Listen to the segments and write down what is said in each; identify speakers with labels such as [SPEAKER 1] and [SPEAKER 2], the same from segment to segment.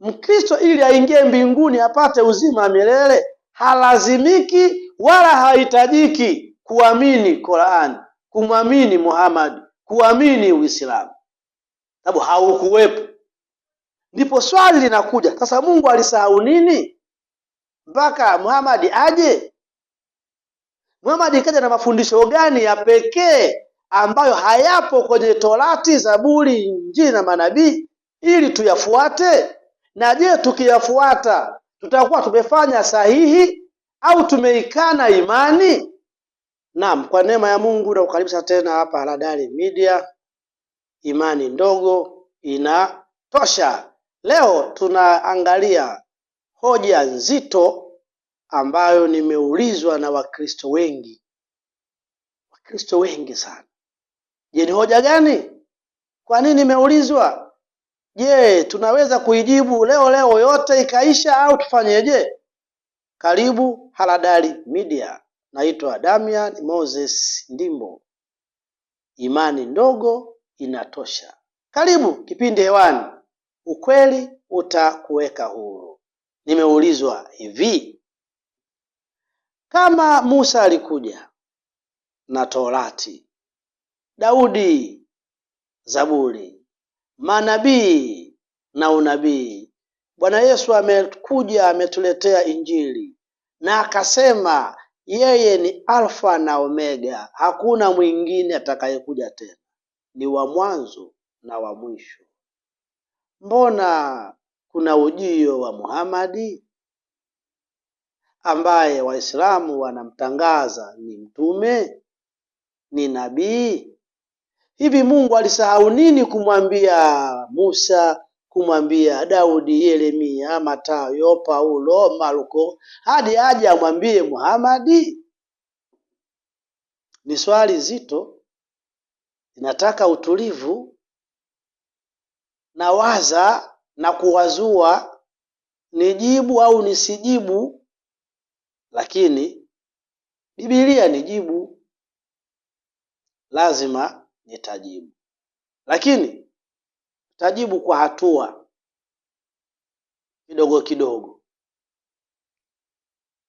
[SPEAKER 1] Mkristo ili aingie mbinguni apate uzima milele halazimiki wala hahitajiki kuamini Qur'an, kumwamini Muhammad, kuamini Uislamu, sababu haukuwepo. Ndipo swali linakuja sasa, Mungu alisahau nini mpaka Muhammad aje? Muhammad ikaja na mafundisho gani ya pekee ambayo hayapo kwenye Torati, Zaburi, Injili na manabii ili tuyafuate? Na je, tukiyafuata tutakuwa tumefanya sahihi au tumeikana imani? Naam, kwa neema ya Mungu na kukaribisha tena hapa Haradali Media, imani ndogo inatosha. Leo tunaangalia hoja nzito ambayo nimeulizwa na Wakristo wengi, Wakristo wengi sana Je, ni hoja gani? Kwa nini imeulizwa? Je, tunaweza kuijibu leo leo yote ikaisha au tufanyeje? Karibu Haradali Media. Naitwa Damian Moses Ndimbo. Imani ndogo inatosha. Karibu kipindi hewani, ukweli utakuweka huru. Nimeulizwa hivi, kama Musa alikuja na Torati Daudi, Zaburi, manabii na unabii. Bwana Yesu amekuja ametuletea Injili na akasema yeye ni Alfa na Omega, hakuna mwingine atakayekuja tena, ni wa mwanzo na wa mwisho. Mbona kuna ujio wa Muhamadi ambaye Waislamu wanamtangaza ni mtume, ni nabii Hivi Mungu alisahau nini kumwambia Musa, kumwambia Daudi, Yeremia, Matayo, Paulo, Marko hadi aje amwambie Muhamadi? Ni swali zito, inataka utulivu na waza na kuwazua, nijibu au nisijibu, lakini Biblia jibu lazima nitajibu, lakini tajibu kwa hatua kidogo kidogo.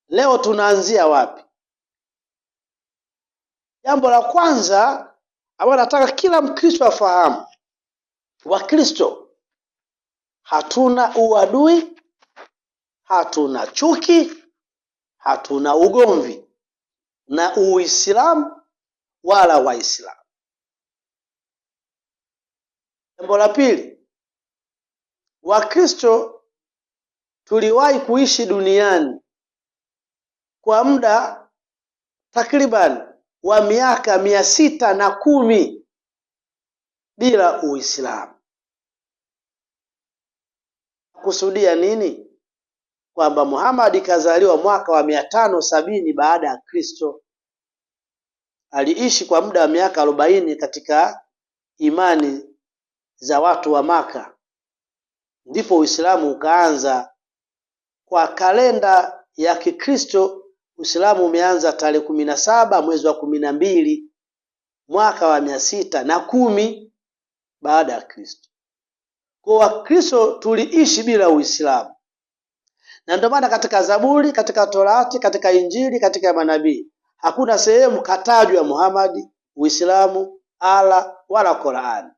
[SPEAKER 1] Leo tunaanzia wapi? Jambo la kwanza ambalo nataka kila Mkristo afahamu, Wakristo hatuna uadui, hatuna chuki, hatuna ugomvi na Uislamu wala Waislamu. Jambo la pili, Wakristo tuliwahi kuishi duniani kwa muda takriban wa miaka mia sita na kumi bila Uislamu. Kusudia nini? Kwamba Muhammad kazaliwa mwaka wa mia tano sabini baada ya Kristo. Aliishi kwa muda wa miaka arobaini katika imani za watu wa Maka, ndipo Uislamu ukaanza. Kwa kalenda ya Kikristo, Uislamu umeanza tarehe kumi na saba mwezi wa kumi na mbili mwaka wa mia sita na kumi baada ya Kristo. Kwa Wakristo tuliishi bila Uislamu, na ndio maana katika Zaburi, katika Torati, katika Injili, katika manabii hakuna sehemu katajwa Muhammad, Uislamu, ala wala Qur'ani.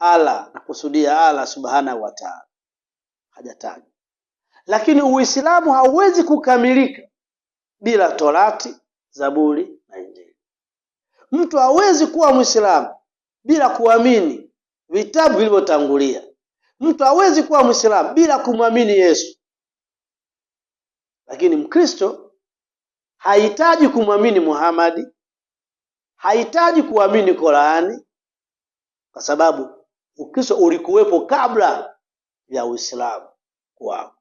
[SPEAKER 1] Allah na kusudia Allah subhanahu wa ta'ala, hajataja. Lakini Uislamu hauwezi kukamilika bila Torati, Zaburi na Injili. Mtu hawezi kuwa Mwislamu bila kuamini vitabu vilivyotangulia. Mtu hawezi kuwa Mwislamu bila kumwamini Yesu. Lakini Mkristo hahitaji kumwamini Muhamadi, hahitaji kuamini Qurani kwa sababu Ukristo ulikuwepo kabla ya Uislamu kwako.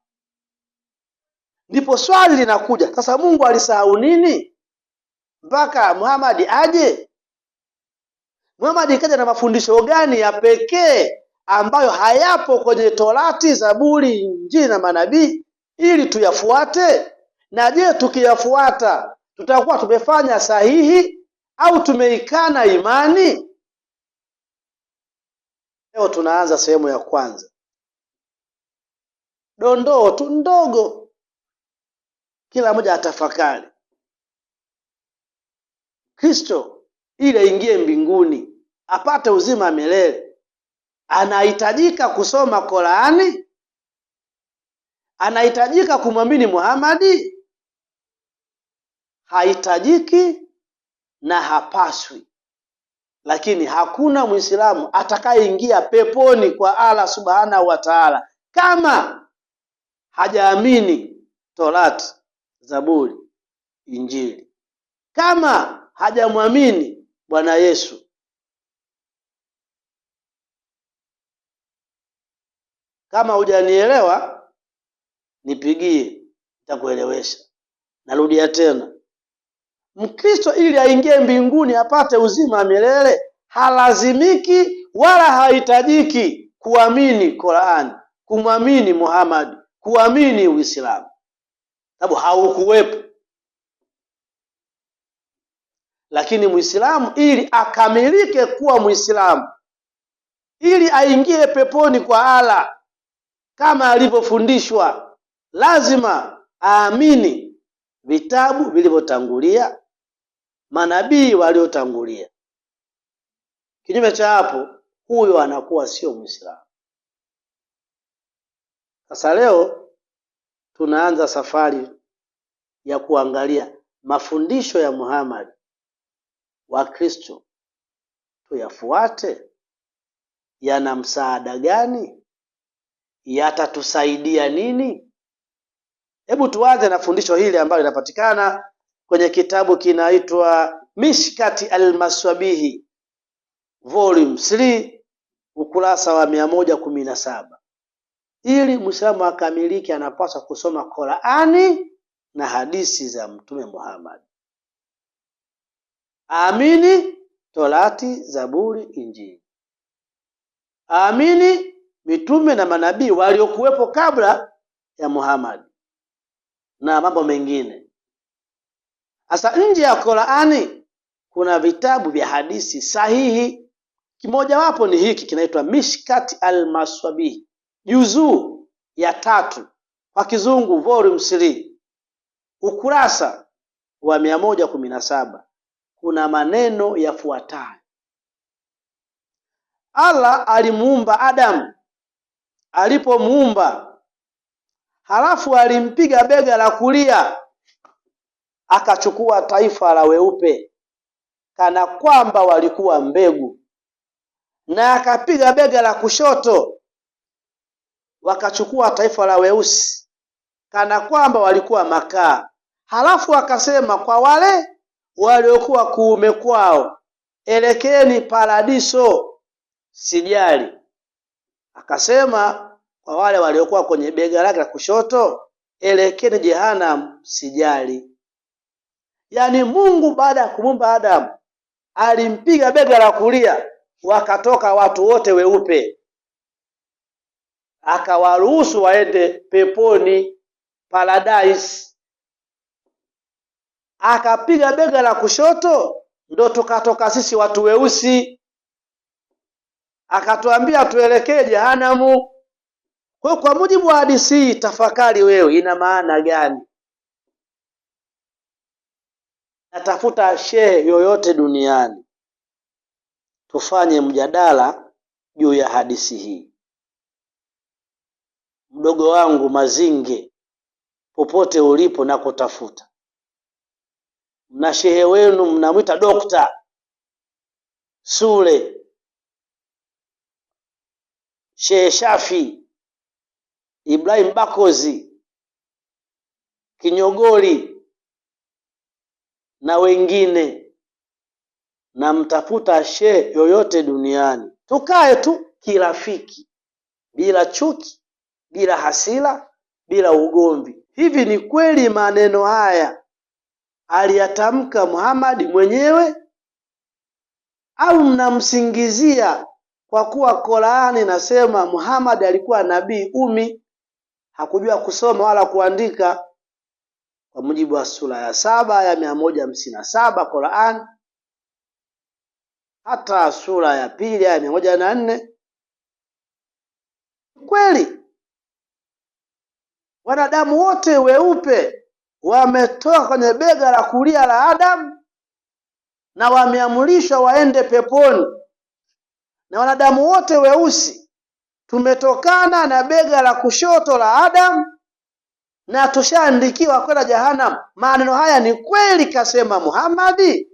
[SPEAKER 1] Ndipo swali linakuja sasa, Mungu alisahau nini mpaka Muhammad aje? Muhammad ikaja na mafundisho gani ya pekee ambayo hayapo kwenye Torati, Zaburi, Injili na manabii ili tuyafuate? Na je, tukiyafuata tutakuwa tumefanya sahihi au tumeikana imani? Leo tunaanza sehemu ya kwanza, dondoo tu ndogo, kila mmoja atafakari. Kristo ili aingie mbinguni apate uzima wa milele anahitajika kusoma Korani, anahitajika kumwamini Muhamadi, hahitajiki na hapaswi lakini hakuna Muislamu atakayeingia peponi kwa Allah subhanahu wa taala kama hajaamini Torati, Zaburi, Injili, kama hajamwamini Bwana Yesu. Kama hujanielewa nipigie, nitakuelewesha. Narudia tena, Mkristo ili aingie mbinguni apate uzima wa milele halazimiki wala hahitajiki kuamini Qur'an, kumwamini Muhammad, kuamini Uislamu, sababu haukuwepo. Lakini Muislamu ili akamilike kuwa Muislamu, ili aingie peponi kwa ala kama alivyofundishwa, lazima aamini vitabu vilivyotangulia manabii waliotangulia. Kinyume cha hapo, huyo anakuwa sio Muislamu. Sasa leo tunaanza safari ya kuangalia mafundisho ya Muhammad, Wakristo tuyafuate, yana msaada gani? Yatatusaidia nini? Hebu tuanze na fundisho hili ambalo linapatikana kwenye kitabu kinaitwa Mishkati Almaswabihi volume 3 ukurasa wa mia moja kumi na saba. Ili mwislamu akamiliki anapaswa kusoma Qur'ani na hadisi za Mtume Muhammad, amini Torati, Zaburi, Injili, amini mitume na manabii waliokuwepo kabla ya Muhammad na mambo mengine sasa nje ya Qur'ani kuna vitabu vya hadithi sahihi, kimojawapo ni hiki kinaitwa Mishkat al-Maswabi juzuu ya tatu kwa kizungu volume 3 ukurasa wa 117 kuna maneno yafuatayo: Allah alimuumba Adamu, alipomuumba halafu alimpiga bega la kulia akachukua taifa la weupe kana kwamba walikuwa mbegu, na akapiga bega la kushoto, wakachukua taifa la weusi kana kwamba walikuwa makaa. Halafu akasema kwa wale waliokuwa kuume kwao, elekeni paradiso. Sijali, akasema kwa wale waliokuwa kwenye bega lake la kushoto, elekeni jehanamu. Sijali. Yaani Mungu baada ya kumumba Adamu alimpiga bega la kulia, wakatoka watu wote weupe, akawaruhusu waende peponi paradise. Akapiga bega la kushoto, ndo tukatoka sisi watu weusi, akatuambia tuelekee jehanamu. Kwa kwa mujibu wa hadithi hii, tafakari wewe, ina maana gani? Tafuta shehe yoyote duniani tufanye mjadala juu ya hadithi hii. Mdogo wangu Mazinge, popote ulipo na kutafuta, na shehe wenu mnamwita Dokta Sule, Shehe Shafi, Ibrahim Bakozi, Kinyogoli na wengine na mtafuta she yoyote duniani, tukae tu kirafiki, bila chuki, bila hasira, bila ugomvi. Hivi ni kweli maneno haya aliyatamka Muhammad mwenyewe au mnamsingizia? Kwa kuwa Qur'ani nasema Muhammad alikuwa nabii umi, hakujua kusoma wala kuandika kwa mujibu wa sura ya saba ya mia moja hamsini na saba Qur'an hata sura ya pili ya mia moja na nne Kweli wanadamu wote weupe wametoka kwenye bega la kulia la Adamu na wameamrishwa waende peponi, na wanadamu wote weusi tumetokana na bega la kushoto la Adamu na tushaandikiwa kwenda jahanamu. Maneno haya ni kweli kasema Muhammadi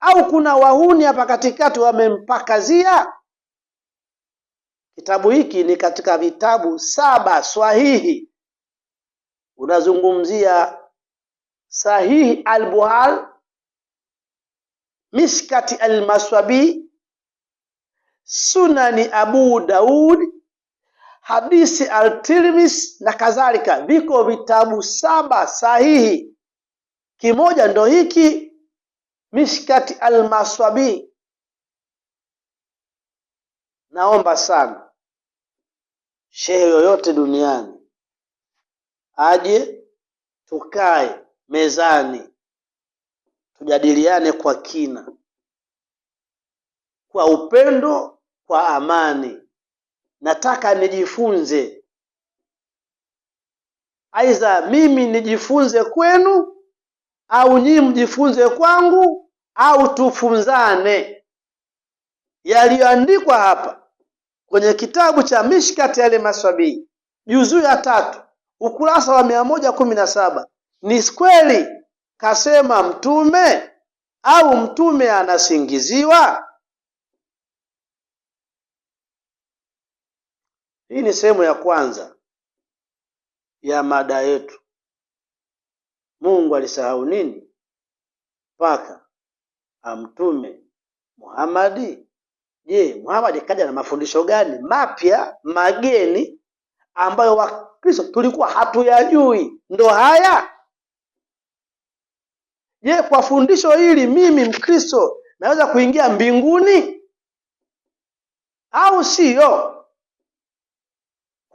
[SPEAKER 1] au kuna wahuni hapa katikati wamempakazia? Kitabu hiki ni katika vitabu saba swahihi, unazungumzia Sahihi al buhal Mishkati al-Maswabi, Sunani Abu Daud Hadisi Altirmis na kadhalika, viko vitabu saba sahihi. Kimoja ndo hiki Mishkati Almaswabi. Naomba sana shehe yoyote duniani aje, tukae mezani, tujadiliane kwa kina, kwa upendo, kwa amani nataka nijifunze aidha mimi nijifunze kwenu au nyinyi mjifunze kwangu au tufunzane yaliyoandikwa hapa kwenye kitabu cha mishkati yale maswabii juzuu ya tatu ukurasa wa mia moja kumi na saba ni kweli kasema mtume au mtume anasingiziwa? Hii ni sehemu ya kwanza ya mada yetu. Mungu alisahau nini mpaka amtume Muhammad? Je, Muhammad kaja na mafundisho gani mapya mageni ambayo Wakristo tulikuwa hatuyajui? Ndo haya. Je, kwa fundisho hili mimi Mkristo naweza kuingia mbinguni au siyo?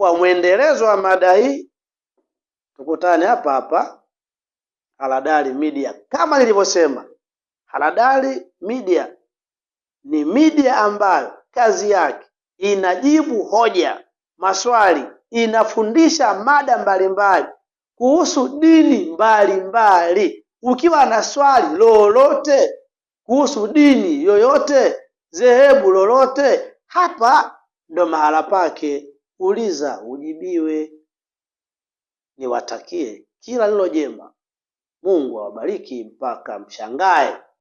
[SPEAKER 1] Kwa mwendelezo wa mada hii tukutane hapa hapa Haradali Media. Kama nilivyosema, Haradali Media ni media ambayo kazi yake inajibu hoja, maswali, inafundisha mada mbalimbali kuhusu dini mbalimbali. Ukiwa na swali lolote kuhusu dini yoyote, dhehebu lolote, hapa ndo mahala pake. Uliza ujibiwe. Niwatakie kila lilo jema. Mungu awabariki mpaka mshangae.